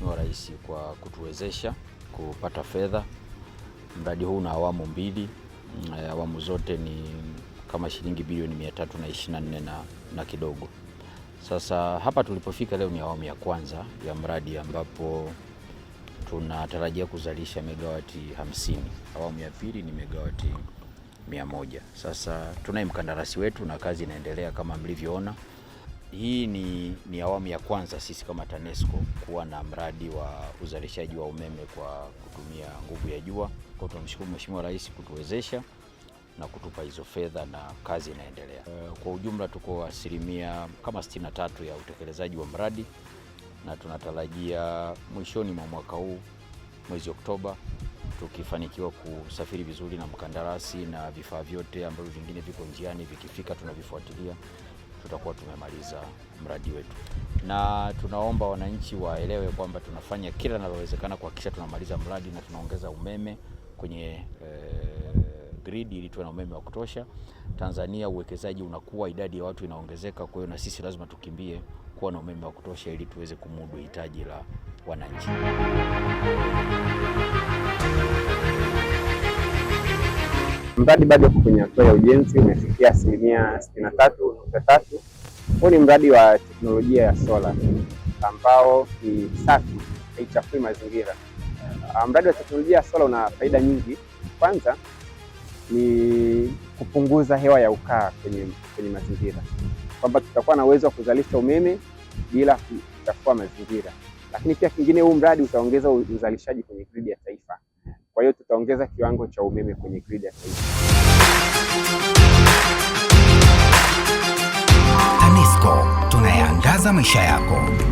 Mheshimiwa Rais kwa kutuwezesha kupata fedha. Mradi huu una awamu mbili, eh, awamu zote ni kama shilingi bilioni 324 na, na kidogo. Sasa hapa tulipofika leo ni awamu ya kwanza ya mradi ambapo tunatarajia kuzalisha megawati 50. Awamu ya pili ni megawati 100. Sasa tunaye mkandarasi wetu na kazi inaendelea kama mlivyoona. Hii ni, ni awamu ya kwanza sisi kama TANESCO kuwa na mradi wa uzalishaji wa umeme kwa kutumia nguvu ya jua. Kwa tunamshukuru Mheshimiwa Rais kutuwezesha na kutupa hizo fedha na kazi inaendelea. Eh, kwa ujumla tuko asilimia kama 63 ya utekelezaji wa mradi na tunatarajia mwishoni mwa mwaka huu mwezi Oktoba tukifanikiwa kusafiri vizuri na mkandarasi na vifaa vyote ambavyo vingine viko njiani, vikifika tunavifuatilia tutakuwa tumemaliza mradi wetu, na tunaomba wananchi waelewe kwamba tunafanya kila linalowezekana kuhakikisha tunamaliza mradi na tunaongeza umeme kwenye e, eh, gridi ili tuwe na umeme wa kutosha. Tanzania uwekezaji unakuwa, idadi ya watu inaongezeka, kwa hiyo na sisi lazima tukimbie kuwa na umeme wa kutosha ili tuweze kumudu hitaji la wananchi. Mradi bado uko kwenye hatua ya ujenzi, umefikia asilimia sitini na tatu nukta tatu. Huu ni mradi wa teknolojia ya sola ambao ni safi, haichafui mazingira. Ah, mradi wa teknolojia ya sola una faida nyingi. Kwanza ni kupunguza hewa ya ukaa kwenye, kwenye mazingira, kwamba tutakuwa na uwezo wa kuzalisha umeme bila kuchafua mazingira. Lakini pia kingine, huu mradi utaongeza uzalishaji kwenye gridi ya taifa. Kwa hiyo tutaongeza kiwango cha umeme kwenye gridi ya taifa. TANESCO tunayaangaza maisha yako.